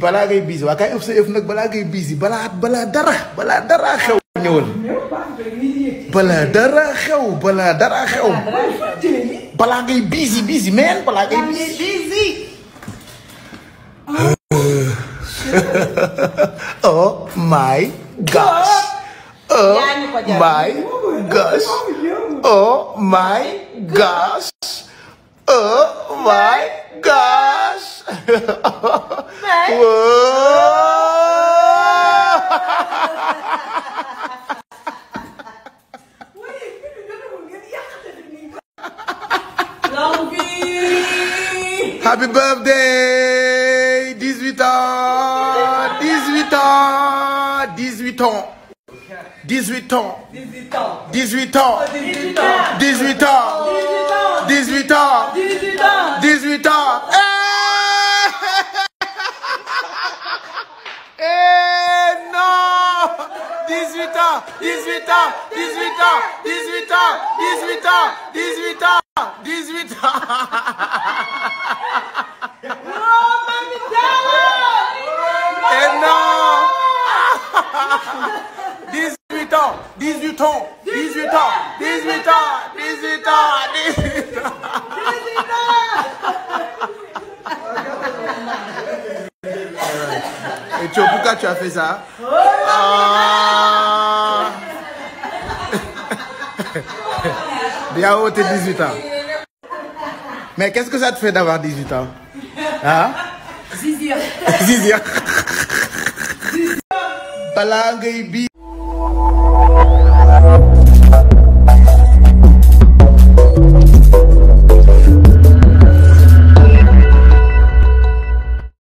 balaa ngay biis waa kaay ëf sa ëf nag balaa ngay biis balaa balaa dara bala dara xew ñewul bala dara xew bala dara xew balagay ngay biis yi balagay busy ngay oh, oh my gosh oh my gosh oh my gosh oh my gosh hein? Wow! Happy birthday! 18 ans! 18 ans! 18 ans! 18 ans! 18 ans! 18 ans! 18 ans! 18 ans! 18 ans! 18 ans! 18 ans! 18 ans, 18 ans, 18 ans, 18 ans, 18 ans, 18 ans, 18 ans. Et non 18 ans, 18 ans, 18 ans, 18 ans, 18 ans. pourquoi tu as fait ça ah. Oh, t'es 18 ans. Mais qu'est-ce que ça te fait d'avoir 18 ans Hein Zizia. Zizia. Zizia.